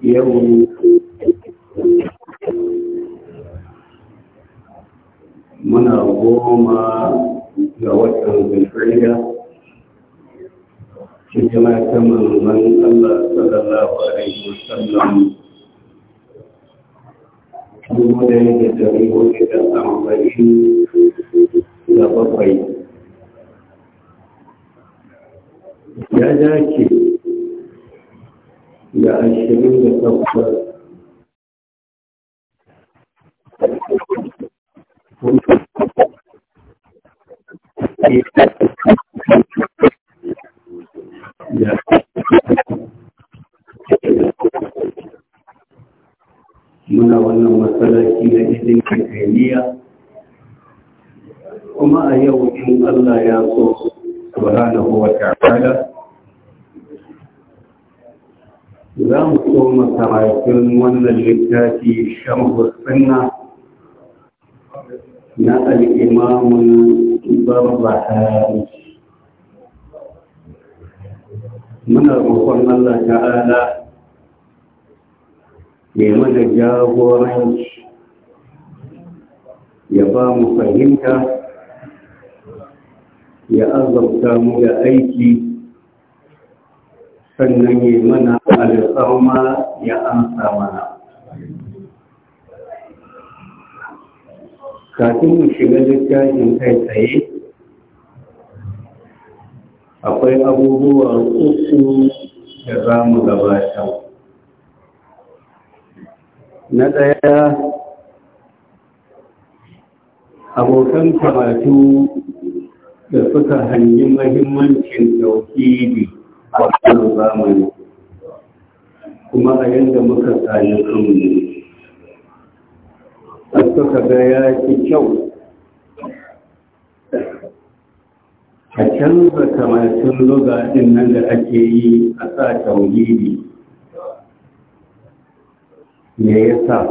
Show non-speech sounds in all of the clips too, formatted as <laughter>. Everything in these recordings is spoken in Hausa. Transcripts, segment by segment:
yau muna goma ga watan zulfariya hikima ta manzan Allah sallallahu alaihi wasallam dubu da yake dari hudu da amfani da bakwai ya dace da ashirin da takwas Thank you. soma karatun wannan littafi shamhu sunna na al'imamun barbahari muna roƙon Allah ta'ala ya mana jagoranci ya ba mu fahimta ya azabta mu da aiki sannan yi mana alƙawma ya amsa mana kafin mu shiga littafin kai tsaye akwai abubuwa uku da za mu gabata na ɗaya abokan karatu da suka hanyi mahimmancin biyu. a zamani kuma a yadda muka tsaye kanmu ne an suka ga ya fi kyau a canza kamarcin luga ɗin nan da ake yi a sa tauhidi me ya sa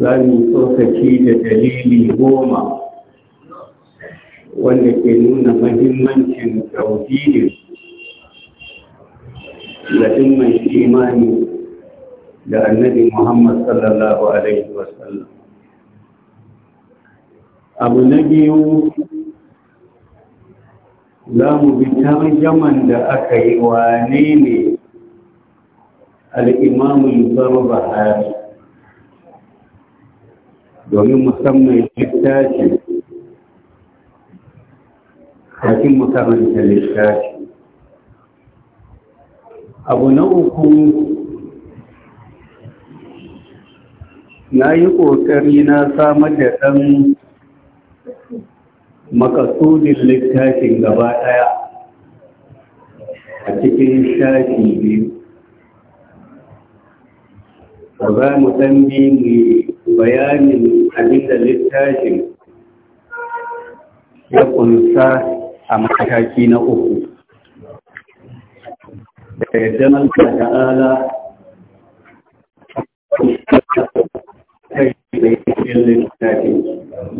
za mu tsokaci da dalili goma wanda ke nuna mahimmancin tauhidin da mai imani da annabi Muhammad sallallahu Alaihi wasallam. Abu na biyu za mu bi tarjaman da aka yi wane ne al'imamun barbahari domin musamman littafin kafin mu karanta littafi abu na uku na yi ƙoƙari na samar da ɗan makasudin littafin gaba ɗaya a cikin shafi biyu ba za mu ɗan bi mu bayanin abin da littafin ya ƙunsa a mataki na uku da yadda nan da ta'ala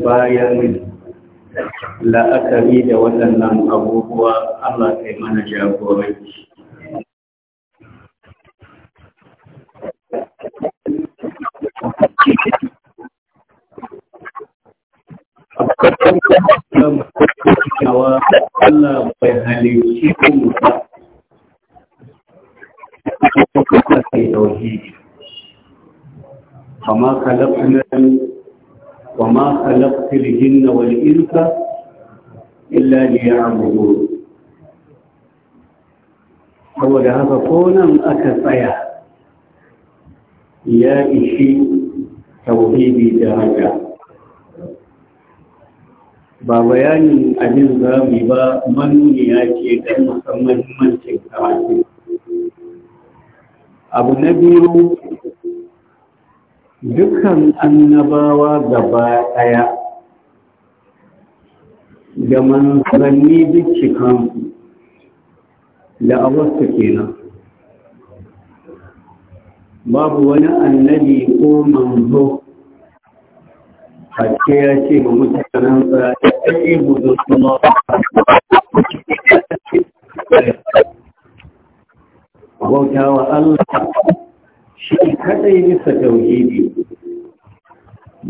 bayan la'akari da waɗannan abubuwa Allah kai mana jagoranci. Thank you. cewa Allah bai halittu ku ba kuka kai tauhidi amma kalafnan wa ma kalaftul jinna wal insa illa liya'budun saboda haka ko nan aka tsaya ya ishi tauhidi da haka ba bayanin abin za mu yi ba manuniya ce don musamman mancin karatu abu na biyu dukkan annabawa gaba ɗaya da manzanni duk da awarsu kenan babu wani annabi ko manzo ake ya ce ba mutanen tsara ya ɗanyi buzo suna bauta wa Allah shi kadai bisa tauhidi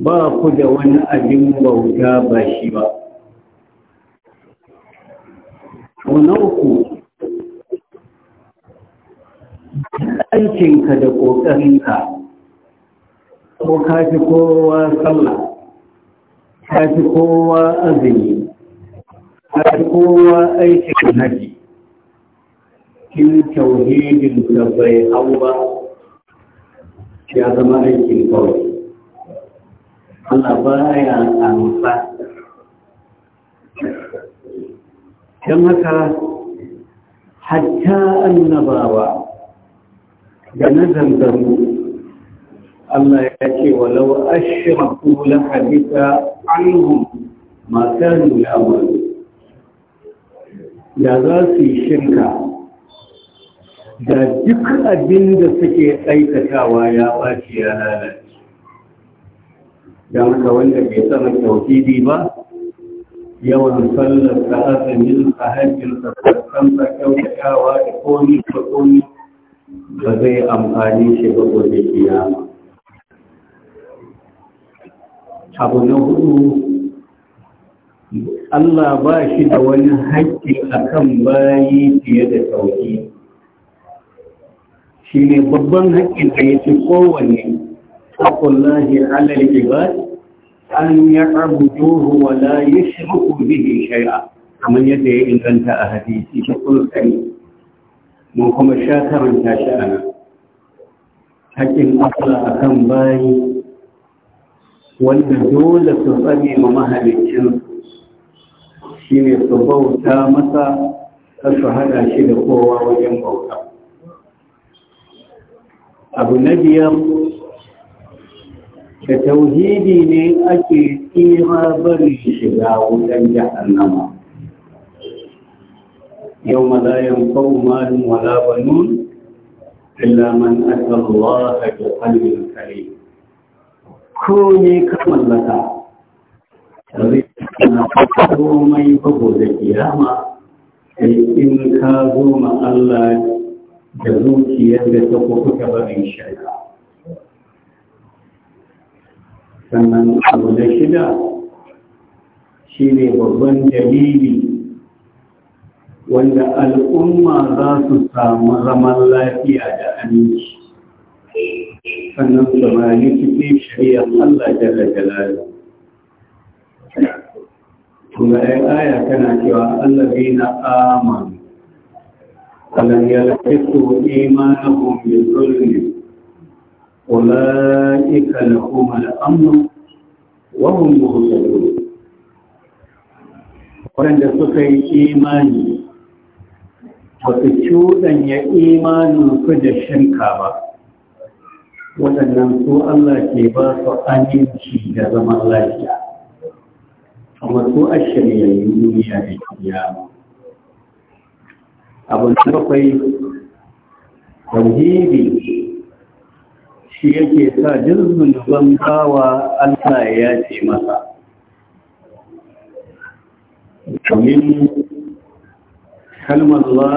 ba ku da wani abin bauta ba shi ba wani uku aikinka da ƙoƙarinka ko fi kowa sallah ta kowa azumi ta kowa aikin haji in tauhidin da bai hau ba ya zama aikin kawai Allah baya ya amfa don haka hatta annabawa da na zanzamu Allah ya ce walau ashirku la hadita anhum ma kanu da za su yi shirka da duk abin da suke aikatawa ya ɓaci ya lalace don ka wanda bai tsara tauhidi ba yawan sallar da azumin a hajjin sassan da kyautatawa da komi da komi ba zai amfani shi ba gobe kiyama abu na hudu Allah ba shi da wani haƙƙi a kan bayi fiye da sauƙi shi ne babban haƙƙin da ya fi kowanne haƙullahi alal ibad an ya abuduhu wa la yushriku bihi shay'a kamar yadda ya inganta a hadisi shi kulkani mun kuma sha karanta shi ana haƙƙin Allah akan bayi wanda dole su tsare ma mahalicin shi ne su bauta masa ta su hada shi da kowa wajen bauta abu na biyar da tauhidi ne ake tsira bari shiga wutan jahannama yau لا ينفع مال ولا بنون إلا من أتى الله بقلب kare. ko ne ka mallaka zai na komai babu da kiyama sai in ka zo ma Allah da zuciyar da ta kuka barin shaida sannan abu da shida shine babban dalili wanda al'umma za su samu zaman lafiya da aminci sannan su ma yi cikin shari'a Allah jalla jalala kuma ai aya tana cewa Allah bai na Allah ya amanu alam yalqisu imanuhum bi dhulmi ulaika lahum al-amn wa hum muhtadun wanda suka yi imani ba su cuɗanya imanin su da shirka ba waɗannan su Allah ke ba su aminci da zaman lafiya amma su a shiryayyun duniya da kiyama abu na bakwai tauhidi shi yake sa duk zunuban bawa Allah ya ce masa domin kalmar la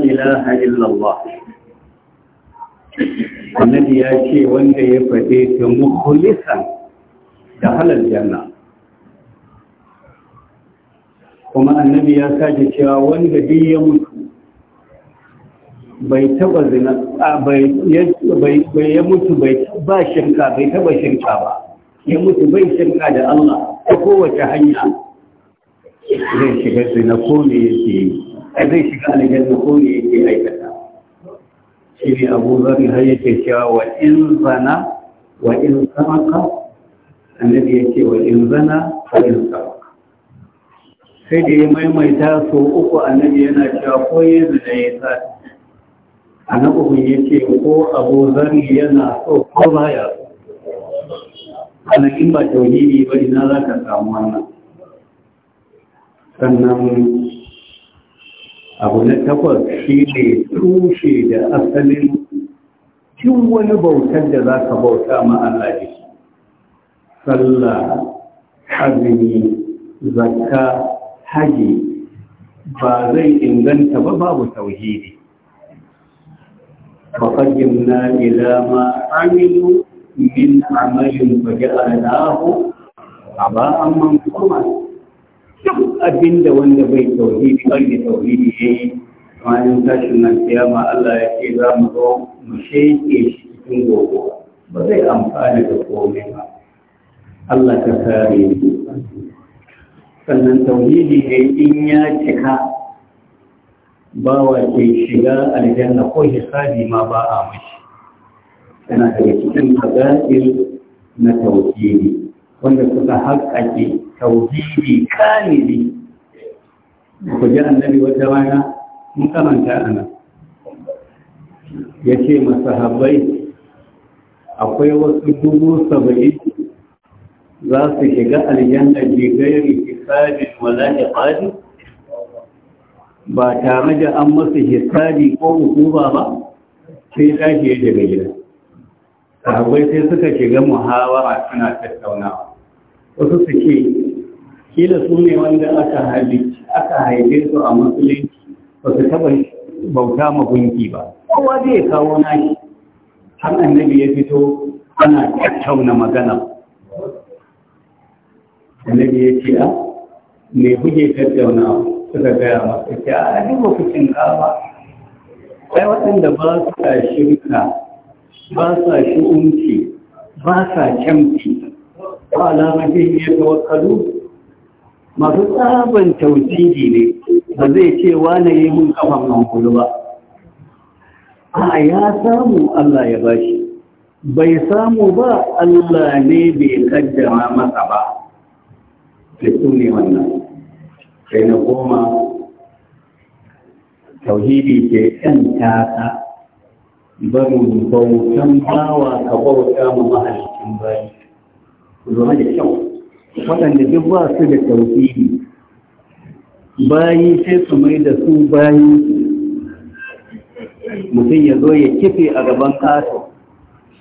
ilaha illallah annabi ya ce wanda ya faɗe ta mukhlisan da halal janna kuma annabi ya sake cewa wanda duk ya mutu bai taba zina bai ya mutu bai ba shirka bai taba shirka ba ya mutu bai shirka da Allah ta kowace hanya zai shiga zina ko ne yake yi zai shiga aljanna ko ne yake aika shi ne abu zan har yake cewa wa in zana wa in samaka annabi ya ce wa in zana wa in samaka sai da ya maimaita so uku annabi yana cewa ko ya zina ya sa a na uku ya ce ko abu zan yana so ko ba ya so ana in ba tauhidi ba ina za ka samu wannan sannan abu na takwas shi ne tushe da asalin cin wani bautar da za ka bauta ma'ana da shi sallah hazini zakka haji ba zai inganta ba babu tauhidi min amalin ما عملوا من a ba'an عباء kuma. duk abinda wanda bai tauhidi ƙarfi tauhidi ya yi kwanin tashin nan kiyama Allah ya ce za mu zo mu sheke shi cikin gogo ba zai amfana da komai ba Allah ka kare mu sannan tauhidi ne in ya cika bawa ke shiga aljanna ko hisabi ma ba a mashi yana daga cikin fadail na tauhidi wanda suka haƙƙaƙe tauhidi kamili ku ji annabi wata rana mun karanta ana ya ce masahabbai akwai wasu dubu saba'in za su shiga aljanna bi gairi hisabin wala iqadi ba tare da an masa hisabi ko hukuma ba sai tashi ya daga gida Sahabai sai suka shiga muhawara suna tattaunawa wasu su ce kila su ne wanda aka halitta aka haife su a musulunci ba su taɓa bauta magunki ba kowa zai kawo naki. har annabi ya fito ana tattauna magana annabi ya ce a me kuke tattauna suka gaya masa ce a duba ku shinkafa kai waɗanda ba sa shirka ba sa shi'unci ba sa camfi ba alamar yin ya tawakkalu masu tsaban tauhidi ne ba zai ce wane yi mun kafan mankulu ba a ya samu Allah ya bashi bai samu ba Allah ne bai kaddara masa ba da ne wannan sai na goma tauhidi ke yan tasa barin bautan bawa ka bauta mu mahalicin bayi ku zama da kyau waɗanda duk ba su da tauhidi bayi sai su mai da su bayi mutum ya zo ya kife a gaban kato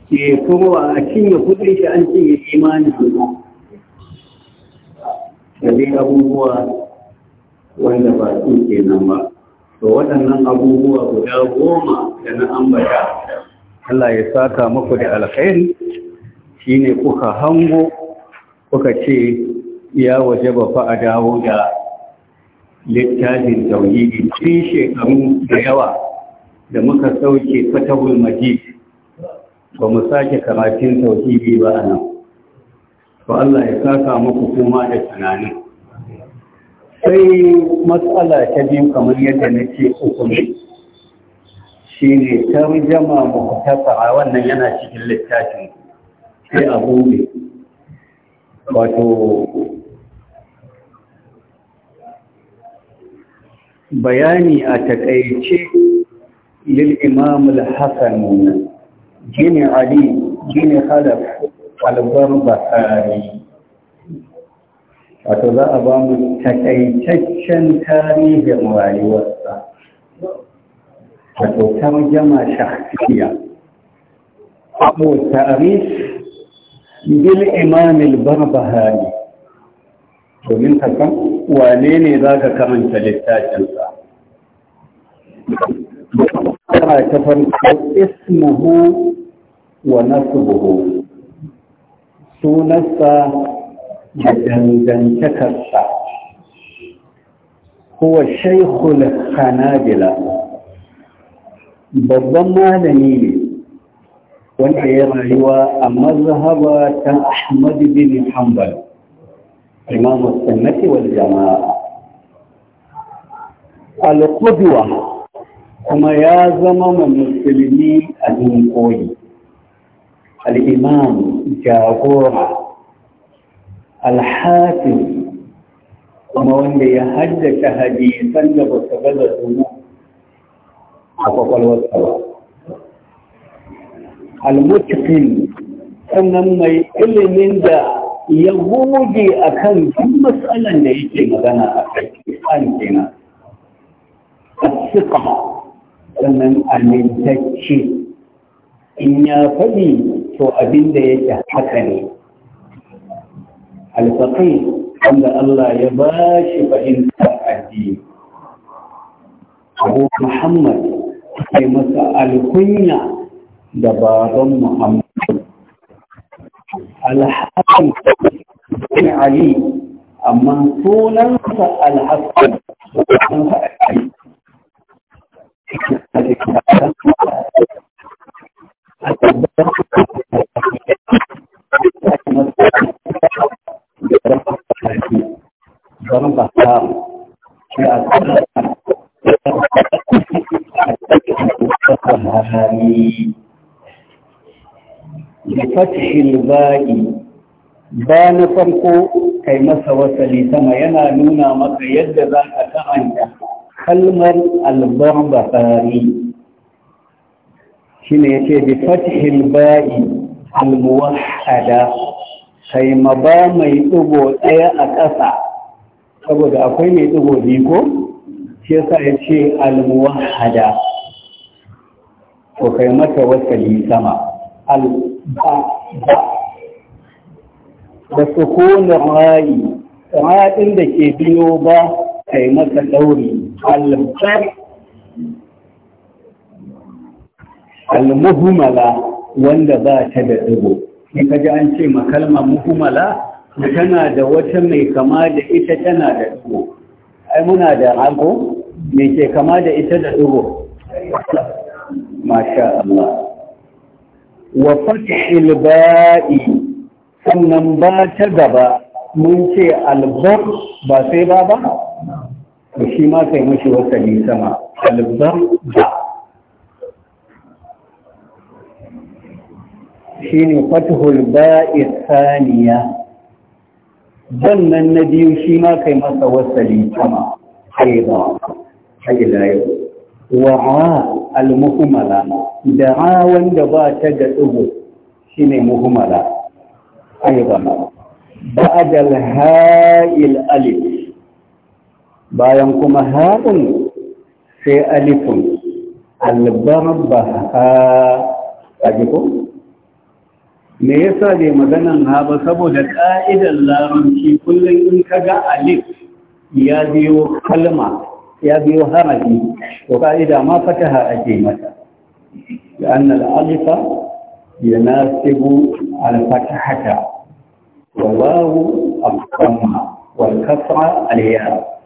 ke kuma a cinye kudin shi an cinye imanin da dai abubuwa wanda ba su kenan ba to waɗannan abubuwa guda goma da na ambata Allah ya saka muku da alkhairi shine kuka hango kuka ce ya waje ba fa a dawo da littafin tauhidi cikin shekaru da yawa da muka sauke fatahul majid ba mu sake karatun tauhidi ba a nan Ba Allah ya saka muku kuma da tunanin sai matsala ta biyu kamar yadda na ce uku ne shi ne tarjama muhtasa wannan yana cikin littafin sai a ne wato bayani a takaice lil imam al-hasan bin ali bin khalaf al-barbahari wato za a ba mu takaitaccen tarihin rayuwarsa wato tarjama shakhsiya abu tarihi bil imamil barbahari domin ka san wane ne za ka karanta littafinsa Kana ta farko ismuhu wa nasbuhu sunansa da dangantakarsa huwa shaikhul hanabila babban malami ne wanda ya rayuwa a mazhaba ta Ahmad bin Hanbal imam sunnati wal jama'a al-qudwa kuma ya zama musulmi a cikin koyi al-imam jagora al-hafiz kuma wanda ya haddace hadisan da ba su gaza su a kwakwalwarsa ba almutqin sannan mai ilimin da ya goge a kan duk matsalan da yake magana a kai an kenan a suka sannan amintacce in ya faɗi to abin da yake haka ne alfaƙi wanda Allah ya ba shi fahimtar addini abu Muhammad sai masa alkunya da baban Muhammadu. Alhassan Ali, amma sunansa Alhassan an Ali. Zama ba ta Fatihil ba'i ba na farko kai masa wasali sama yana nuna maka yadda za ka ta'anta kalmar albarbahari shi ne ya ce bi fatihil ba'i almuwahada kai ma ba mai ɗigo ɗaya a ƙasa saboda akwai mai ɗigo biyu ko shi yasa ya ce almuwahada to kai mata wasali sama al da sukunin rayi da ke biyo ba a yi masa ɗauri wanda ba ta da ɗigo in ka ji an ce makalma muhumala tana da wata mai kama da ita tana da ɗigo ai muna da rago mai ke kama da ita da ɗigo masha Allah وفتح الباء ثم با تدبا من شيء البر باسي بابا وشي ما سي مشي وسلي سما البر با شيني فتح الباء الثانية ظن النبي شي ما سي مشي وسلي سما أيضا أي لا يقول wa'a al-muhmala da wanda ba ta ga dubu shine muhmala aidan ba'd al-ha'il alif bayan kuma ha'un sai alifun al A jiko, me yasa ne maganan ha ba saboda ka'idar larabci kullum in ka ga alif ya biyo kalma ya biyo harafi to ka'ida ma fataha ake mata لأن الألف يناسب الفتحة والواو الضمة والكسرة الياء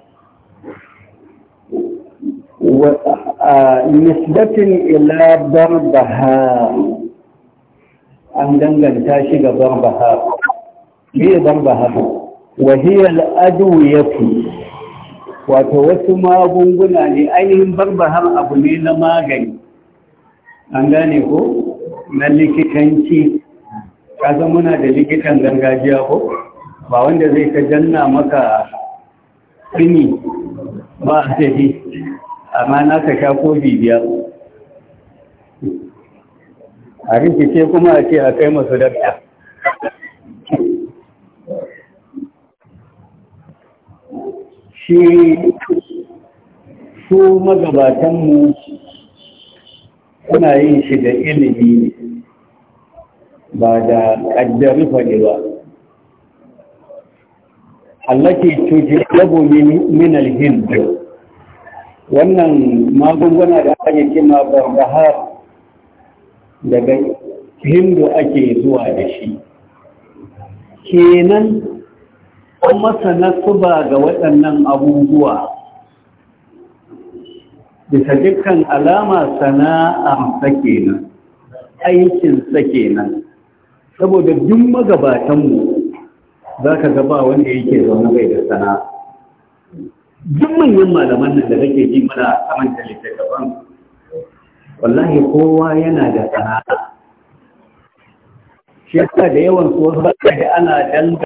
ونسبة آه، إلى ضربها أن لم تاشق ضربها هي ضربها وهي الأدوية wato wasu magunguna ne ainihin barbaran abu ne na magani an gane ko na likitanci kasan muna da likitan gargajiya ko ba wanda zai ka janna maka tsini ba a tafi amma na ka sha ko bibiya a rikice kuma a ce a kai masu dabta shi su magabatanmu suna yin shi da ilimi ne ba da ƙaddari faɗi ba allake tuji yabo min Hindu wannan magunguna da ake kima barbahar daga hindu ake zuwa da shi kenan kuma sanasuba ga waɗannan abubuwa bisa dukkan alama sana'arsa aikin aikinsa nan saboda duk magabatanmu za ka gaba wanda yake zaune bai da sana'a duk manyan malaman nan da kake ji mana a saman littattafan wallahi kowa yana da sana'a shi yasa da yawan su wasu ba da ana danga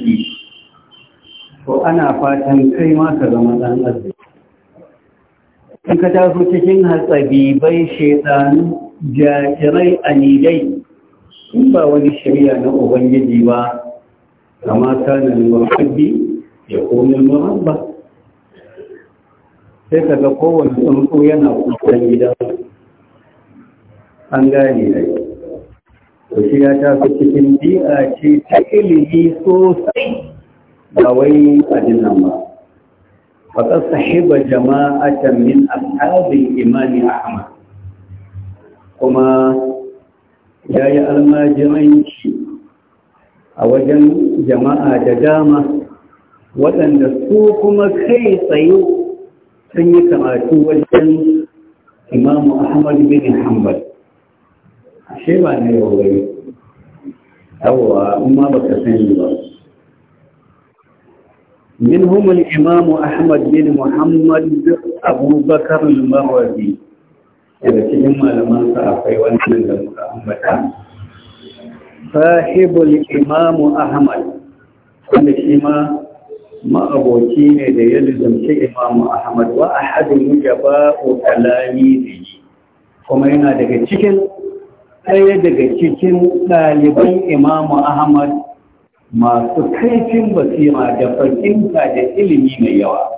ana fatan kai ma ka zama ɗan arziki in ka taso cikin bai shaidanu jajirai anidai in ba wani shirya na ubangiji ba kama kanin murabbi ya komi ba. sai ka ga kowane tsuntsu yana kusan gidan an gane dai to shi ya taso cikin bi'a ce ta ilimi sosai ba wai abin nan ba faƙar sahiba jama'atan min ashabin imani ahmad kuma ya yi almajiranci a wajen jama'a da dama waɗanda su kuma kai tsaye sun yi kamatu wajen imamu ahmad bin hanbal ashe ba na yau bai yawwa ma ba ka sani ba منهم الإمام أحمد بن محمد أبو بكر المروزي إذا كلمة لما سأفي ونحن صاحب الإمام أحمد ونحن ما أبوكين إذا يلزم شيء إمام أحمد وأحد النجباء تلاميذه kuma yana daga cikin ɗaya daga cikin ɗaliban imamu ahmad masu kaifin basira da fahimta da ilimi mai yawa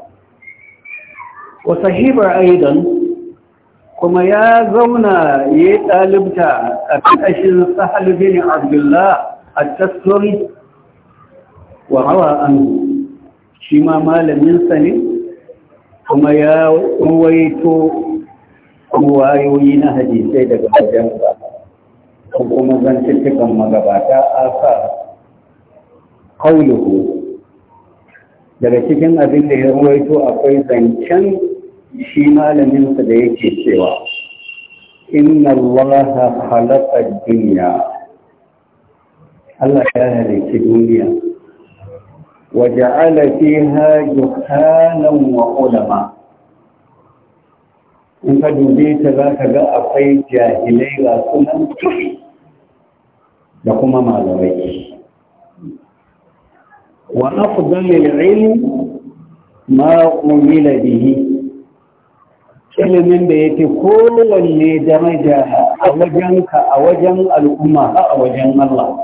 wa hibar aidan kuma ya zauna ya yi ɗalibta a ƙarƙashin sahal bin abdullah a tasiri wa hawa an shi ma malaminsa ne kuma ya ruwaito wayoyi na hadisai daga wajen ba kuma cikin magabata a sa qawluhu daga cikin abin da ya ruwaito akwai zancen shi malaminsa da yake cewa inna allaha khalaqa ad Allah ya halicci duniya wa ja'ala fiha juhalan wa ulama in ka dube ta za ka ga akwai jahilai ga sunan da kuma malamai wa afdalil ilm ma umila bihi ilimin da ya fi kowanne daraja a wajenka a wajen al'umma a wajen Allah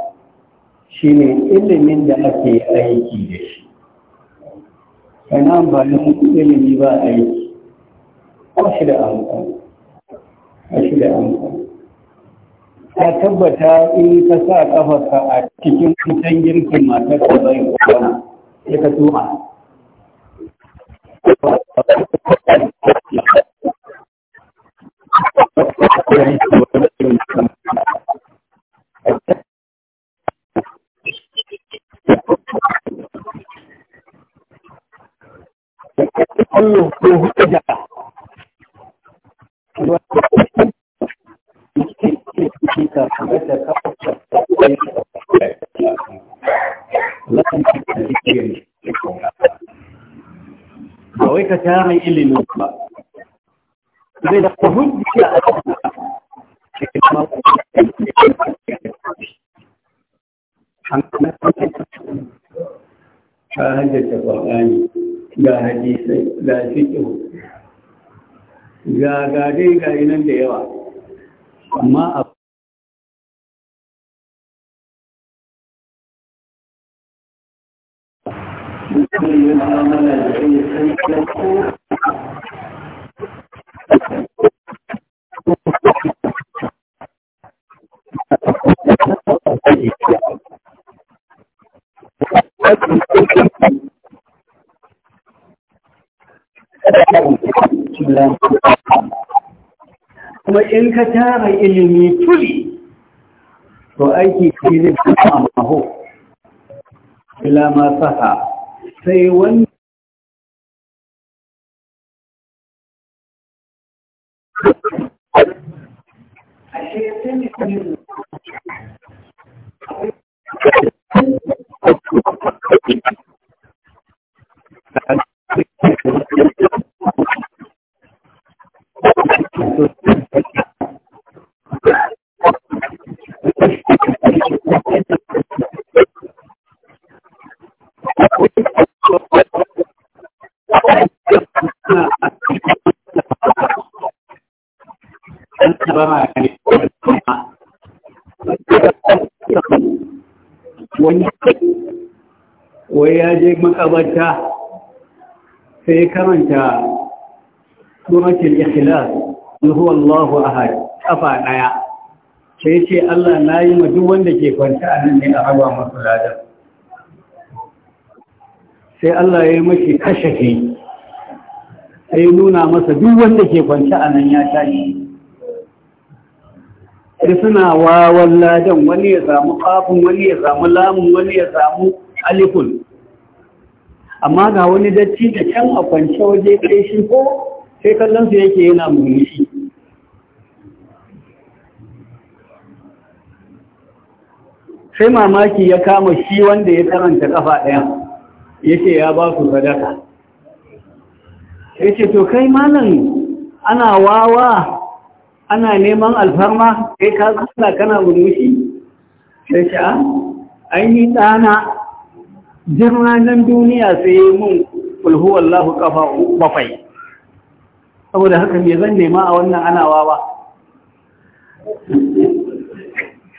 shine ilimin da ake aiki da shi kana amfanin ilimi ba aiki ba shi da amfani ba shi da amfani ta tabbata in ka sa kafarka a cikin kutan girkin matar ka bai kwana sai ka tuma Allah <laughs> kare ilimin ba zai da hujja a hajjata ga ga ga ga da yawa amma a kuma in ka tara ilimi tuli to aiki shi ne a maho ila sai sai karanta suratul ikhlas in huwa Allahu ahad kafa daya sai ce Allah na yi ma duk wanda ke kwanta a nan ne a hawa masa ladan sai Allah ya yi mashi kashafi sai nuna masa duk wanda ke kwanta a nan ya tashi sai suna wawan ladan wani ya samu kafin wani ya samu lamun wani ya samu alifun amma ga wani datti da can a kwance waje kai shi ko sai kallon su yake yana murmushi sai mamaki ya kama shi wanda ya karanta kafa ɗaya yake ya ba ku sadaka ya ce to kai malam ana wawa ana neman alfarma kai ka kana murmushi sai ce ah, ainihin ɗana duk ranar duniya sai mun kulhu wallahu kafa bafai saboda haka me zan nema a wannan anawa ba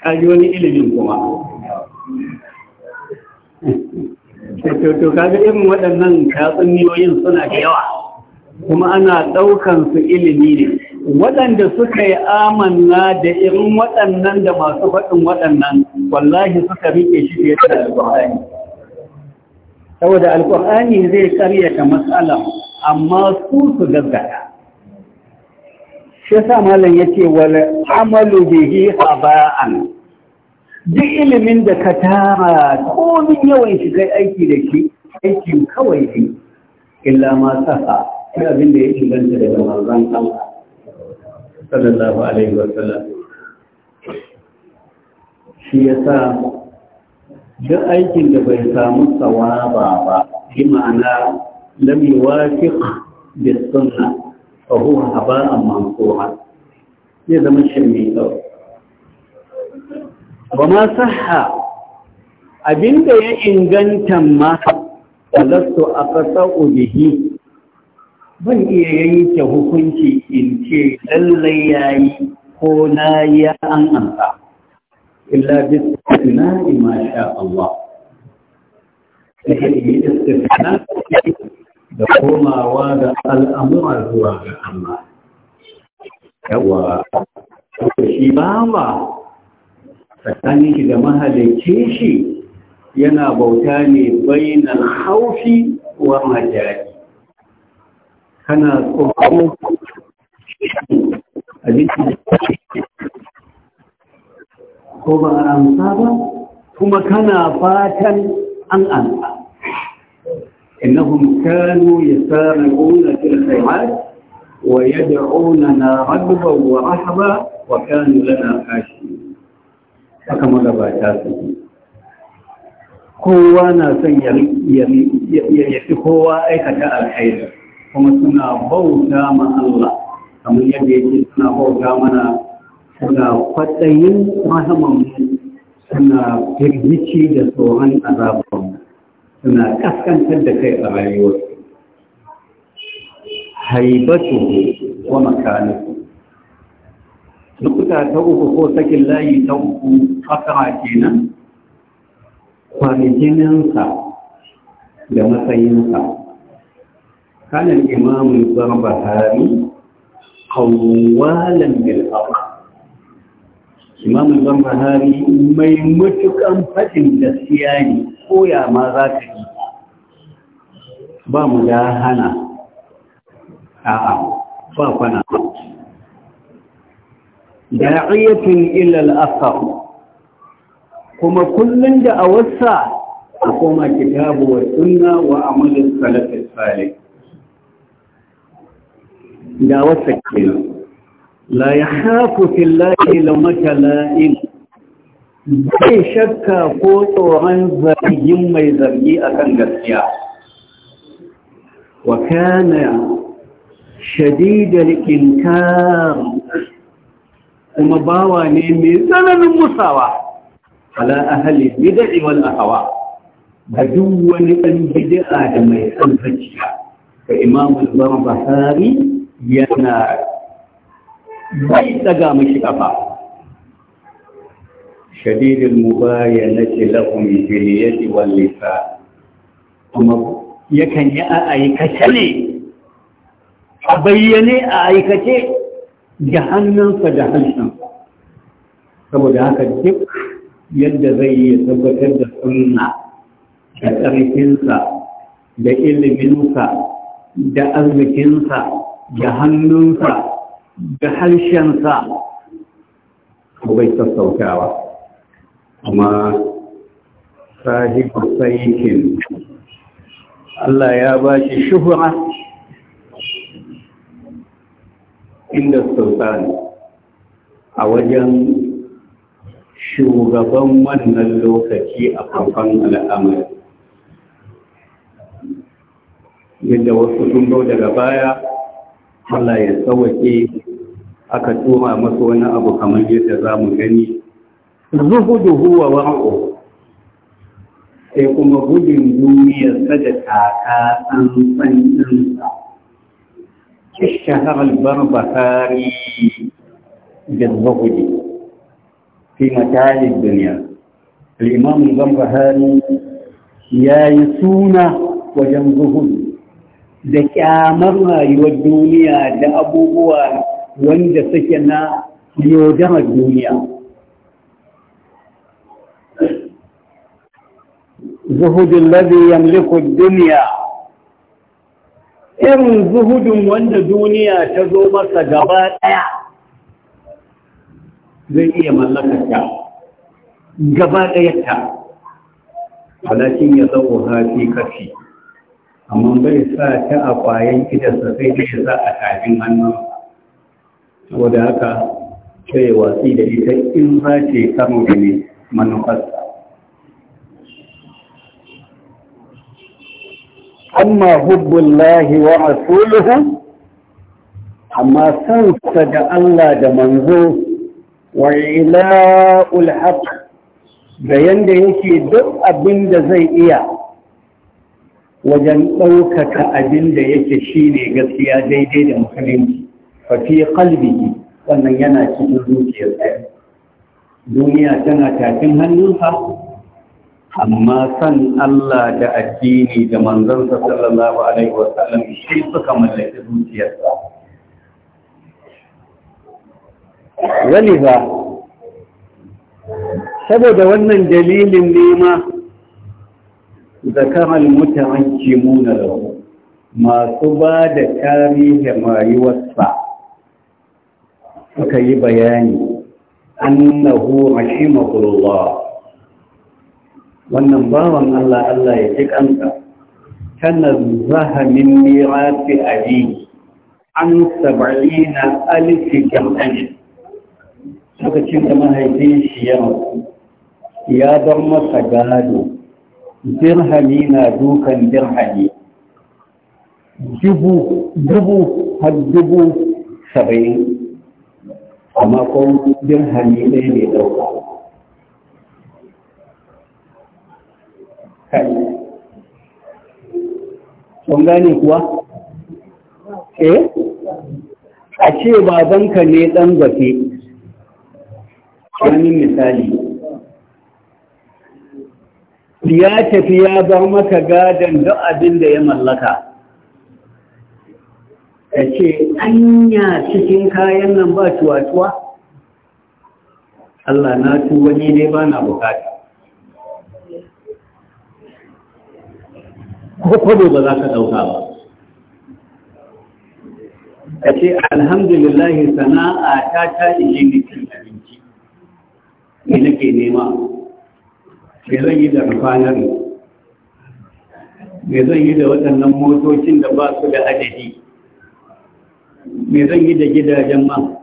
<laughs> a yi wani ilimin kuma to kaga irin waɗannan niyoyin suna da yawa kuma ana ɗaukan su ilimi ne waɗanda suka yi amanna da irin waɗannan da masu faɗin waɗannan wallahi suka rike shi fiye da alƙur'ani saboda alƙur'ani zai ta matsala amma su su gaggada. shi sa malam ya ce wal amalu bihi haba'an duk ilimin da ka tara komin yawan shi kai aiki da shi aikin kawai ne illa ma saka sai abin da ya inganta daga manzon Allah sallallahu alaihi wa shi yasa duk aikin da bai samu sawaba ba yi ma'ana lam wafi bi sunna a huwa a mansura ya zama mai tsawo ba ma saha abinda ya inganta ma a aqsa'u ubihi ban iya yanke hukunci in ce lallai yayi ko na ya an amsa illa bi istisna'i ma sha Allah sai yi istisna da komawa da al'amura zuwa ga Allah yawa shi ba ma tsakanin shi da mahalicce shi yana bauta ne bainal haufi wa majali kana tsoron abinci da ko ba a amsa ba kuma kana fatan an amsa إنهم كانوا يسارعون في الخيرات ويدعوننا رغبا ورهبا وكانوا لنا خاشعين فكما غباتاتهم kowa na son ya yi kowa aikata alkhairi kuma suna bauta ma Allah kamar yadda yake suna bauta mana suna kwatsayin mu suna firgici da tsoron azabanmu suna kaskantar da kai a rayuwar haibatu ko makaniku lokuta ta uku ko sakin layi ta uku fakara kenan kwanijininsa da matsayinsa kanan imamun a kawalan bil'aqa imamu zambahari mai matukan fadin gaskiya ne koya ma za ka yi ba mu da hana a'a ba kwana da'iyatin ilal asar kuma kullun da a wasa a koma kitabu wa sunna wa amalin salafis salih da wasa kenan la ya haku fillahi launaka la'in zai shakka ko tsoron zargin mai zargi akan gaskiya wa kana shadidar inkar kuma bawa ne mai tsananin musawa ala ahali bida'i wal ahawa da duk wani ɗan bida'a da mai san zakiya ga imamul barbahari yana bai daga mashi kafa shadidin mu lahum fil yadi wal lisan kuma yakan yi a aikace ne a bayyane a aikace da hannunsa da harshen saboda haka duk yadda zai yi tabbatar da sunna da ƙarfinsa da iliminsa da arzikinsa da hannunsa da harshensa ko bai sassautawa amma sahibu saikin Allah ya ba shi shuhura inda sultani a wajen shugaban wannan lokaci a kafan al'amari yadda wasu sun daga baya Allah ya tsawake aka tsoma masa wani abu kamar yadda za mu gani zuhuduhu wa wa'u sai kuma gudun duniyarsa da taka an tsantsan ɗinsa ishahar albarbahari da zuhudi fi matalin duniya limamin barbahari ya yi suna wajen zuhudu da kyamar rayuwar duniya da abubuwa wanda suke na yodamar duniya zuhudun labi yamliku duniya irin zuhudun wanda duniya ta zo masa gaba ɗaya zai iya mallakarta gaba ɗayarta ya zau hafi kafi amma bai sa ta a kwayan idansa sai da shi za a tafin hannun wadda haka sai watsi da ita in za ce samu da ne manufarsa amma hubbullahi wa rasuluhu amma sa da Allah da manzo wa ila'ul haka da yanda yake duk abin da zai iya wajen ɗaukaka abin da yake ne gaskiya daidai da musulunci fa kalbi. wannan yana cikin ɗaya. duniya tana tafin hannunsa amma san Allah da addini da manzansa sallallahu alaihi sallam shi suka mallaki zuciyarsa ba? saboda wannan dalilin nema zakar al-muta'ajjimuna lahu masu ba da tarihi rayuwar suka yi bayani annahu rahimahullah wannan bawan Allah Allah ya ji kanta. kana zahamin min mirasi abi an sab'ina alif jam'an lokacin da mahaifin shi ya ya bar masa gado dirhami na dukan dirhami dubu dubu har dubu saba'in amma ko hannu ɗaya ne ɗauka kai sun gane kuwa eh a ce babanka ne ɗan gafe wani misali ya tafi ya bar maka gadon duk abin da ya mallaka ka ce anya cikin kayan nan ba tuwa-tuwa Allah na tuwa ne dai ba na bukata ko ba za ka ɗauka ba ka ce alhamdulillah sana'a ta ta ishe nikin abinci ne nake nema me zan yi da rufanar me zan yi da waɗannan motocin da ba su da adadi me zan yi da gidajen man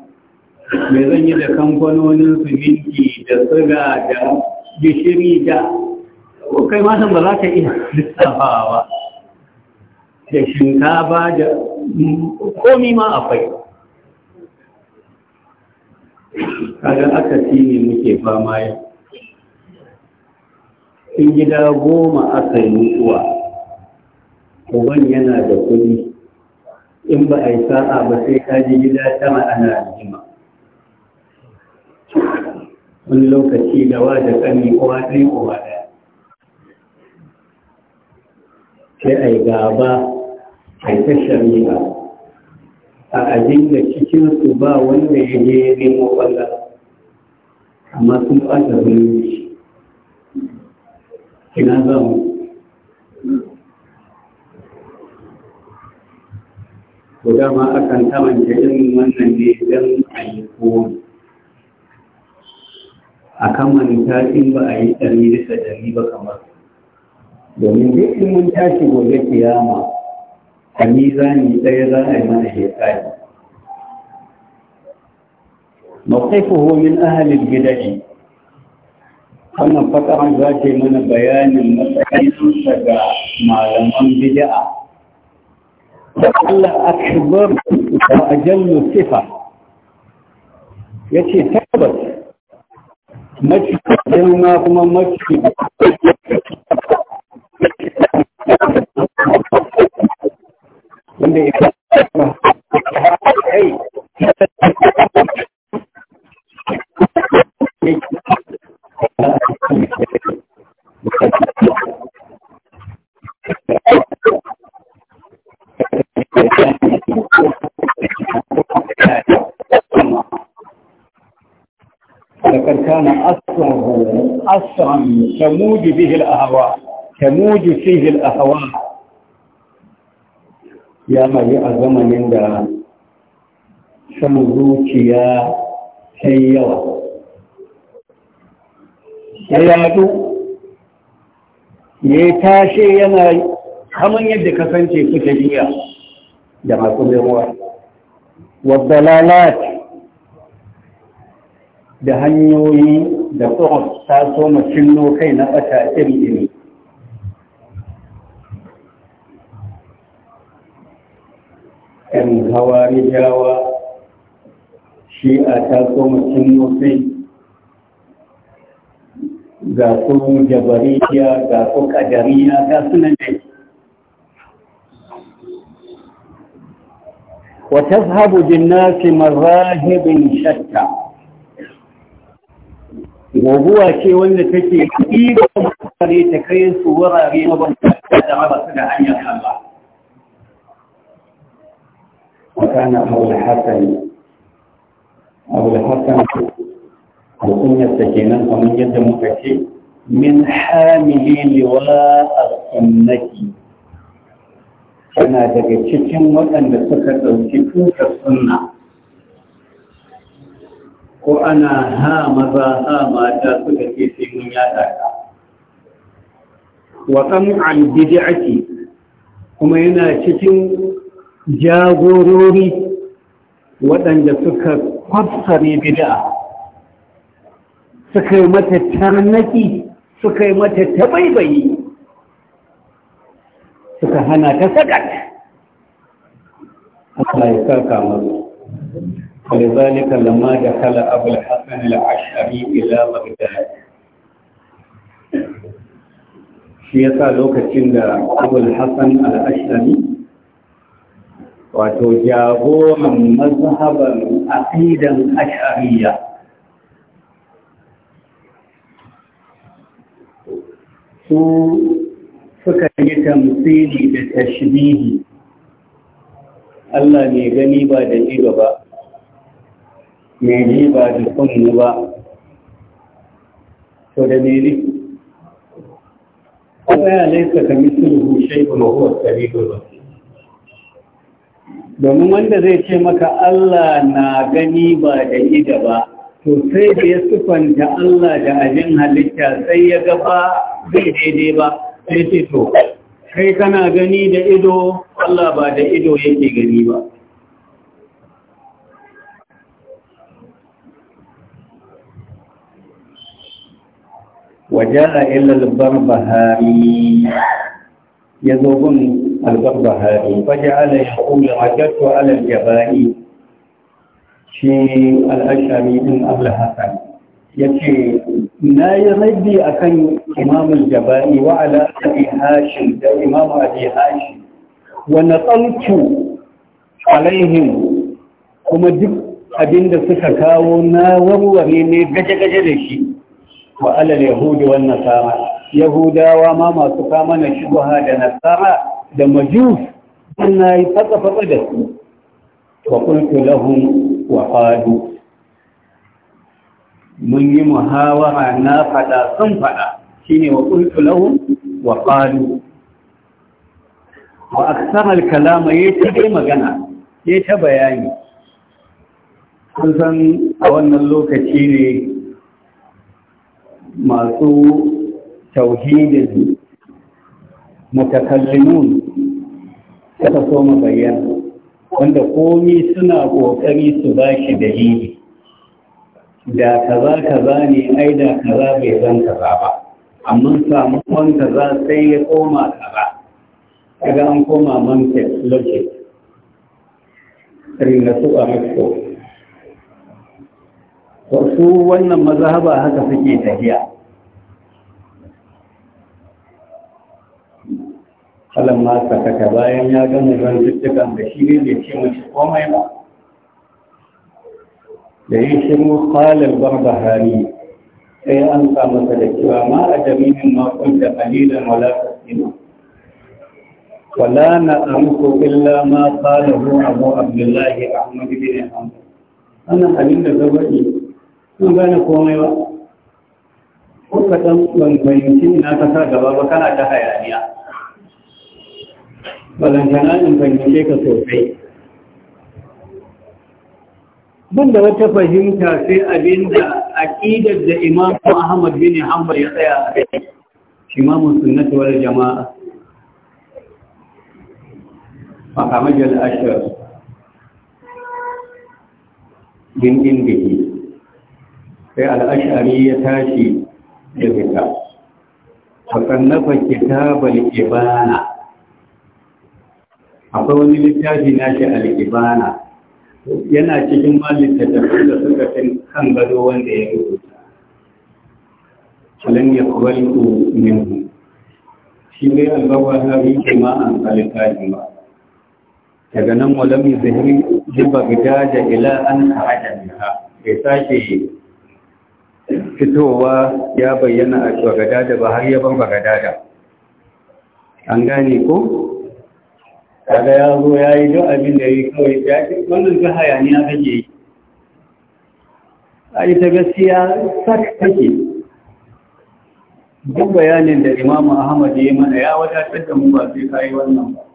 me zan yi da kamfanonin siminti da siga da gishiri da kai matan ba za ka iya lissafawa da shinkafa da komi ma akwai kada aka ne muke fama yau in gida goma aka yi mutuwa uban yana da kudi in ba a yi sa'a ba sai ka ji gida sama ana jima wani lokaci da wa da ƙani kowa ɗaya kowa ɗaya sai a yi gaba a yi tashar yiwa a ajin da cikinsu ba wanda ya je ya nemo ƙwallon amma sun ɓata zunubi ina za mu to dama akan kamanta irin wannan ne don a yi kori a kamanta in ba a yi ɗari bisa ɗari ba kamar domin duk in mun tashi gobe kiyama a mizani ɗaya za a yi mana shekari موقفه من ahalin gidaje. wannan fakaran za ta yi mana bayanin matsayin daga malaman bid'a Allah akbar wa ajallu sifa yace tabbas idan ma kuma mace wanda ya تموج به الأهواء تموج فيه الأهواء يا ما يعظم من دا سمزوكيا سيوا سيادو ya tashe yana kamar yadda kasance suka biya da masu lemuwa wadda lalat da hanyoyi da ƙuran ta so mu cinno kai na ɓata iri iri ‘yan hawari jawa shi'a ta so mu cinno kai ga su jabariya ga su ƙadariya ga sunan dai وتذهب بالناس مذاهب شتى guguwa ce wanda take da mutane ta kai su wurare mabambanta da raba su da hanyar Allah. وكان أبو الحسن أبو الحسن وكنية سكينة ومن يد مكتي من حامل لواء السنة كان daga cikin waɗanda suka ɗauki tutar ko ana ha maza ha mata suka ce sai mun yaɗa ka wa an bid'ati kuma yana cikin jagorori waɗanda suka kwafsare bid'a suka mata tarnaki suka mata tabaibayi suka hana ta sakat Allah ya saka mazu ولذلك لما دخل أبو الحسن العشعري إلى بغداد shi ya sa lokacin da abul hassan al'ashari wato jagoran mazhabar aqidan ashariya su suka yi tamsili da tashbihi Allah mai gani ba da ido ba mai ji ba da kunni ba to da meri kuma ya laisa ka misulhu shay'un wa huwa tare samiul ba. domin wanda zai ce maka Allah na gani ba da ida ba to sai da ya sufanta Allah da ajin halitta sai ya gaba zai daidai ba sai ce to kai kana gani da ido Allah ba da ido yake gani ba a illa al-barbahari yazo gun al-barbahari faja'ala yaqulu wajadtu ala alal jabani shi al-ashami din ya ce na yi rabbi akan imam al-jabani wa ala abi hashim da imam abi hashim wa na nataltu alaihim kuma duk abinda suka kawo na warware ne gaje-gaje da shi wa alal yahudi nasara yahudawa ma masu kama na shubaha da nasara da majus na yi fatsa fatsa da su wa kuntu lahum wa mun yi muhawara na fada sun fada shine wa kuntu lahum wa qalu wa aksar al-kalama yace dai magana bayani kun san a wannan lokaci ne masu tauhidin mutakallinun suka so mu bayyana wanda komi suna ƙoƙari su bashi shi dalili da kaza kaza ne ai da kaza bai zan kaza ba amma sakamakon kaza sai ya koma kaza kaga an koma mantek logic ringa su a mako su wannan mazhaba haka suke tafiya alam ma sakata bayan ya gama zantuttukan da shi ne bai ce mace komai ba da yi shiru kalin barbahari sai an samu masa da cewa ma a jami'in makon da kalilan wala kasina wala na amsu illa ma kalahu abu abdullahi ahmad bin hanbal wannan abin da zama sun gane komai ba ko ka dan fahimci ina ka sa gaba ba kana ta hayaniya balantana in fahimce ka sosai ban da wata fahimta sai abinda da aƙidar da imam ahmad bin hanbal ya tsaya a kai imamun sunnati wal jama'a makamajal din bin indihi sai al'ashari ya tashi da fita fasannafa kitabal ibana akwai wani littafi nashi al-ibana yana cikin da tafi da suka fi kan gado wanda ya rubuta alam ya ko minhu shi ne albawa na rike ma an shi ba daga nan walami zahiri zuba gida da ila an ta'ada ha bai sake fitowa ya bayyana a bagadada ba har yaban bagadada an gane ko Kada ya zo ya yi duk abin da yi kawai ya ce wannan ga hayaniya kake yi a ta gaskiya sak take duk bayanin da imamu ahmad ya yi mana ya wadatar da mu ba sai kayi wannan ba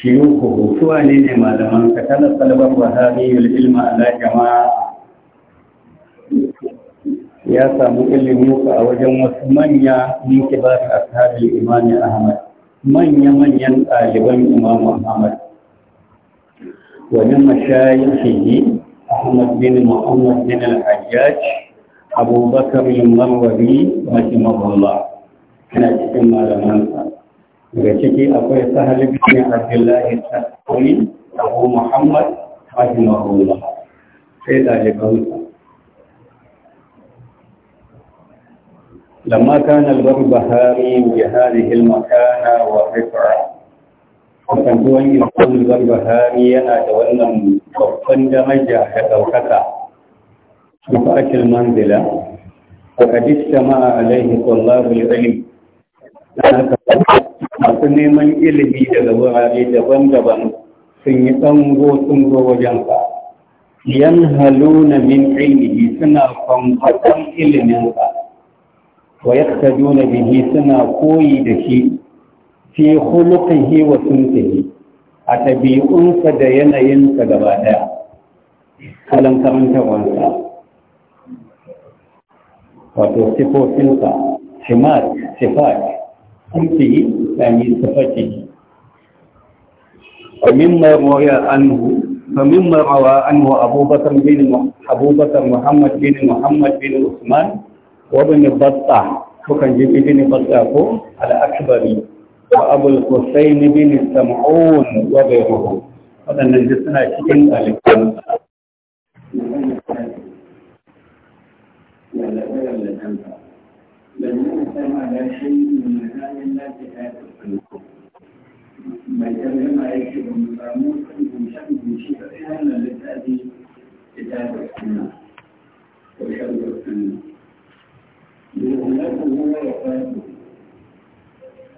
shiyukuhu su ne ne malaman ka kana salabar wahabi yul ilma ala jama'a ya samu ilimin ku a wajen wasu manya min kibar ashabi imami ahmad manya manyan ɗaliban imam ahmad wajen mashayikhi ahmad bin muhammad bin al-hajjaj abubakar al-marwazi rahimahullah yana cikin malamansa da ciki akwai sahal ibn abdullahi tsakoni abu muhammad rahimahullah sai da ya لما كان البر هاري بهذه المكانة وقفع وكان دوان يقول البر هاري ينا دولنا قفن دمجا حتى وكتا بفاك المنزلة وقد اجتمع عليه طلاب العلم masu neman ilimi daga wurare daban-daban sun yi tsango sun zo wajen ka yan na min ainihi suna kwamfatan ilimin ka wa bihi suna koyi da shi fi khuluqihi wa sunnihi a tabi'unsa da yanayinsa gaba daya kalan wato sifofinsa shimat sifat أمته يعني صفته ومما روي عنه فمما روى عنه أبو بكر بن أبو بكر محمد بن محمد بن عثمان وابن بطة وكان جيب ابن بطة أكبر وأبو الحسين بن سمعون وغيره هذا نجسنا شكل ذلك Thank you. sannan sama da shi ne halin lafiya da kuma mai tarjama ya ce ba mu samu kan gumshen gumshi ba sai wannan littafi ita da suna ko shan da suna da kuma kuma ya fasu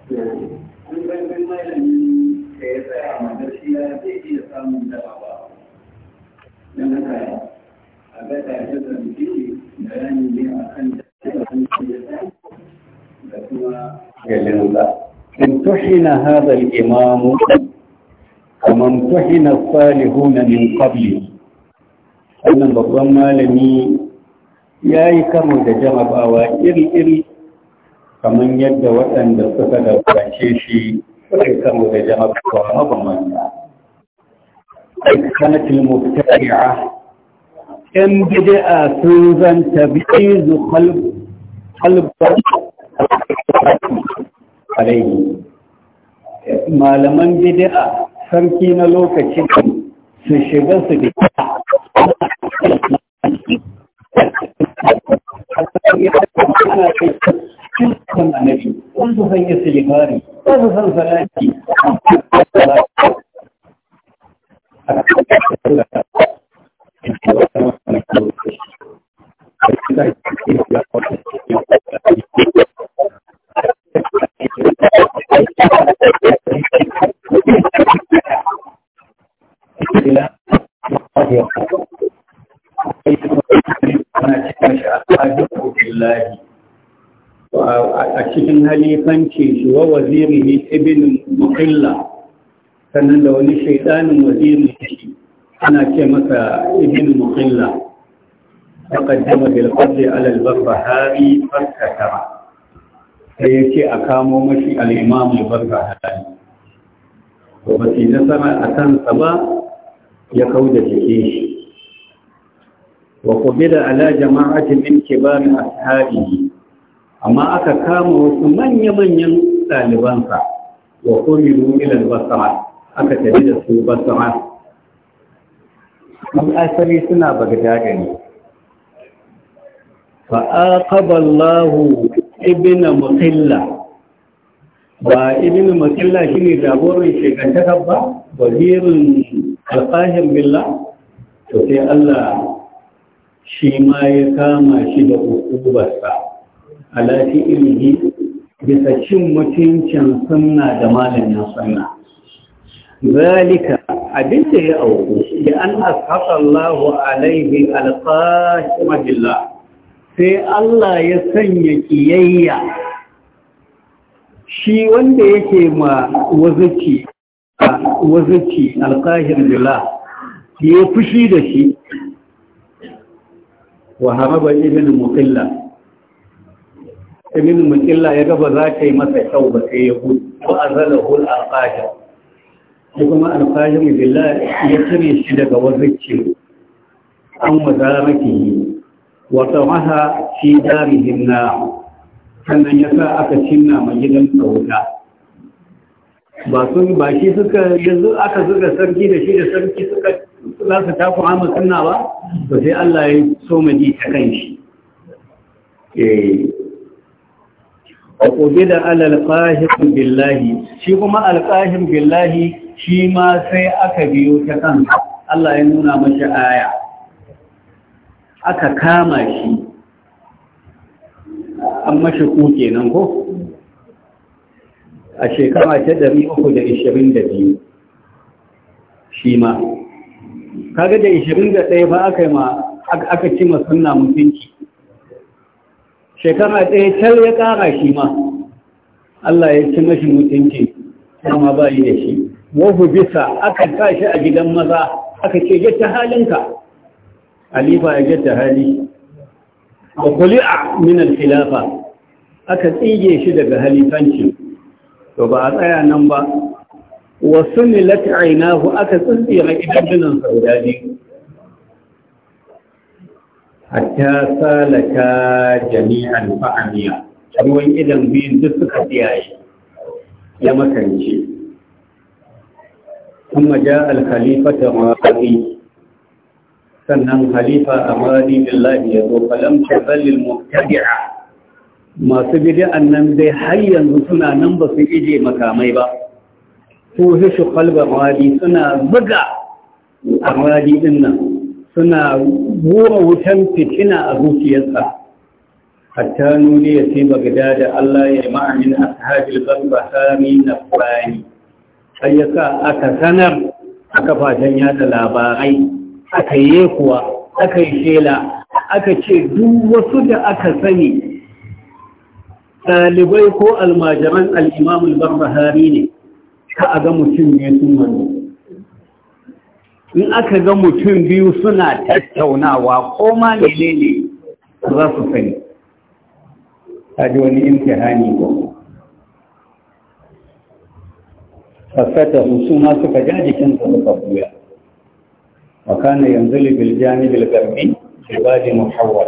to kun san kan malami da ya tsaya ma gaskiya zai iya samun da'awa don haka a ga tashi da mutum bayani ne a kan يلين الله امتحن هذا الإمام كما امتحن الصالحون من قبل أنا الضمى لني يا إكرم تجرب أوى إري إري كما يد وأن تفد وأشيشي إكرم تجرب ورغم الله كانت المبتعية ان بدأ سوزا تبيز قلب قلب alaihi malaman bid'a sarki na lokacin su shiga su bi ana kai cikin annabi wanda san yi silifari salati lokacin halifanci shi wa wazirihi ibn muqilla sannan da wani shaidanin waziri shi ana ce masa ibn muqilla taqaddama bil qadri ala al barbahari tara, sai ya ce a kamo mashi al imam al barbahari Ba su sai nasara a kansa ba ya kauda jike shi wa qubida ala jama'atin min kibari ashabihi amma aka kama wasu manya-manyan ɗalibansa wa kuriru ilal basara aka tafi da su basara an asali suna bagdada ne fa'aqaba Allahu ibn Muqilla ba ibn Muqilla shine jagoran shekantakar ba wazirin alfahim billah to sai Allah shi ma ya kama shi da ukubarsa ala fi'ilihi bisa cin mutuncin sunna da malamin sunna zalika abin da ya auku Ya an ashasa alaihi alqasima billah sai Allah ya sanya kiyayya shi wanda yake ma wazuki wazuki alqahir billah ya fushi da shi wa haraba ibn muqilla ibn mutilla ya gaba za ta yi masa kyau ba sai ya gudu ko zala hul fajir ko kuma al mutilla ya cire shi daga wazicci an mazaraki wata maha shi dari na sannan ya sa aka cinna mai gidan sauta ba sun ba shi suka yanzu aka zuga sarki da shi da sarki suka za su tafi amma sunna ba ba sai Allah ya so mu ji ta kan shi eh. وقبض على القاهر بالله shi kuma القاهر بالله shi ma sai aka biyo ta kansa Allah ya nuna mashi aya aka kama shi an mashi kuke nan ko a shekara ta 322 shi ma kaga da 21 fa aka yi ma aka ci masunna mutunci shekara ɗaya cal ya ƙara shi ma Allah ya ci mashi mutunci kuma ba yi da shi wahu bisa aka sa shi a gidan maza aka ce jatta halinka alifa ya jatta hali wa kuli'a min al aka tsige shi daga halifanci to ba a tsaya nan ba wasu milat ku aka tsintsira idan dinan saudadi hatta salaka jami'an fa'amiya ruwan idan biyun duk suka tsiyaye ya makance kuma ja al-khalifa ta sannan khalifa a mawadi billahi ya zo falam taballil muhtadi'a masu bidi'an nan dai har yanzu suna nan ba su ije makamai ba su hishu kalbar wadi suna buga a wadi din nan suna buwa wutan fitina a zuciyarsa hatta nuri ya ce bagada da Allah ya ma'amin ashabil barbahami na furani sai ya sa aka sanar a kafafen yada labarai aka yi kuwa aka yi shela aka ce duk wasu da aka sani ɗalibai ko almajiran al'imamul Bahari ne ka a ga mutum ne sun wani in aka ga mutum biyu suna tattaunawa ko ma ne ne za su sani ta ji wani inke hani ko fasata su ma suka ja jikin su suka buya makana yanzu libil jani bil garbi ibadi muhawar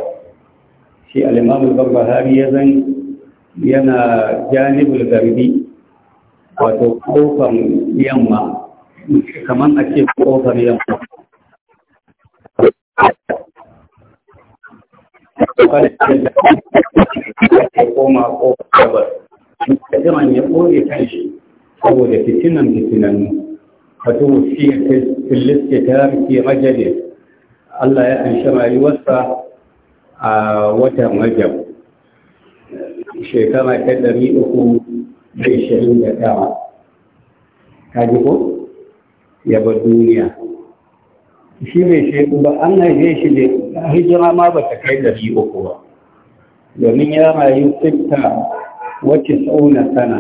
shi alimamu babbahari ya zan yana jani bil garbi wato kofan yamma kamar a ce ƙofar yamma koma ƙofar gabar jaman ya ɓoye kan shi saboda fitinan fitinannu wato shi filis ke ta rufe majalis Allah ya anshi rayuwarsa a watan rajab shekara ta ɗari uku da ishirin da tara ji ko? ya bar duniya shi ne shi ba an haife shi ne hijira ma ba ta kai ɗari uku ba domin ya rayu sitta wacce tsauna sana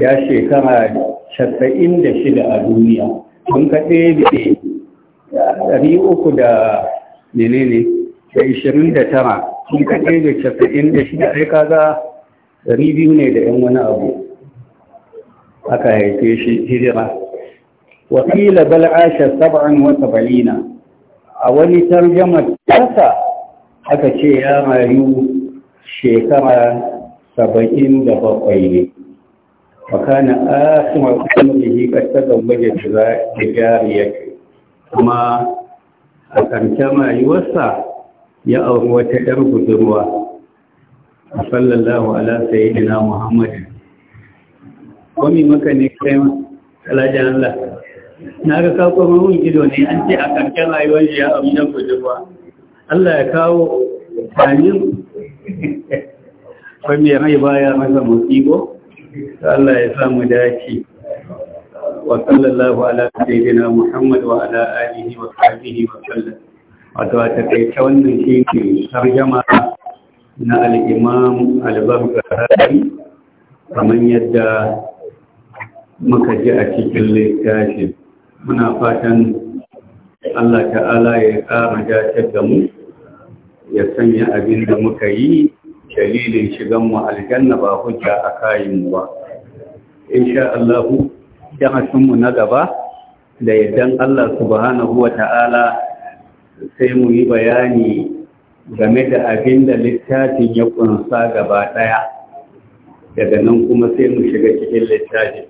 ya shekara casa'in da shida a duniya sun ka ɗaya ɗari uku da menene da ishirin da tara sun ka ɗaya da casa'in da shida ai kaga ɗari biyu ne da 'yan wani abu aka haife shi hijira Wakila qila bal asha sab'an wa sabalina a wani tarjamar tasa aka ce ya rayu shekara saba'in da bakwai ne a fakana asima kullihi qad tazawwaja jariyatan kuma a karshen rayuwarsa ya auri wata ‘yar budurwa a sallallahu ala sayyidina Muhammad. Wami maka ne kai alajan Allah. na ga kakon ruwan gido ne an ce a ƙarƙar rayuwar shi ya abu na budurwa Allah ya kawo tanin wanda mai baya masa ko? Allah ya samu dace wa sallallahu ala sayyidina Muhammad wa ala alihi wa sahbihi wa sallam wato a takaice wannan shi ne tarjama na al-Imam al-Barbahari kamar yadda muka ji a cikin littafin muna fatan Allah ta'ala ya ƙara dace da mu ya sanya abin da muka yi dalilin shigan mu aljanna ba hujja a kayan mu ba insha Allah mu na gaba da yaddan Allah subhanahu wa ta'ala sai mu yi bayani game da abin da littafin ya kunsa gaba daya daga nan kuma sai mu shiga cikin littafin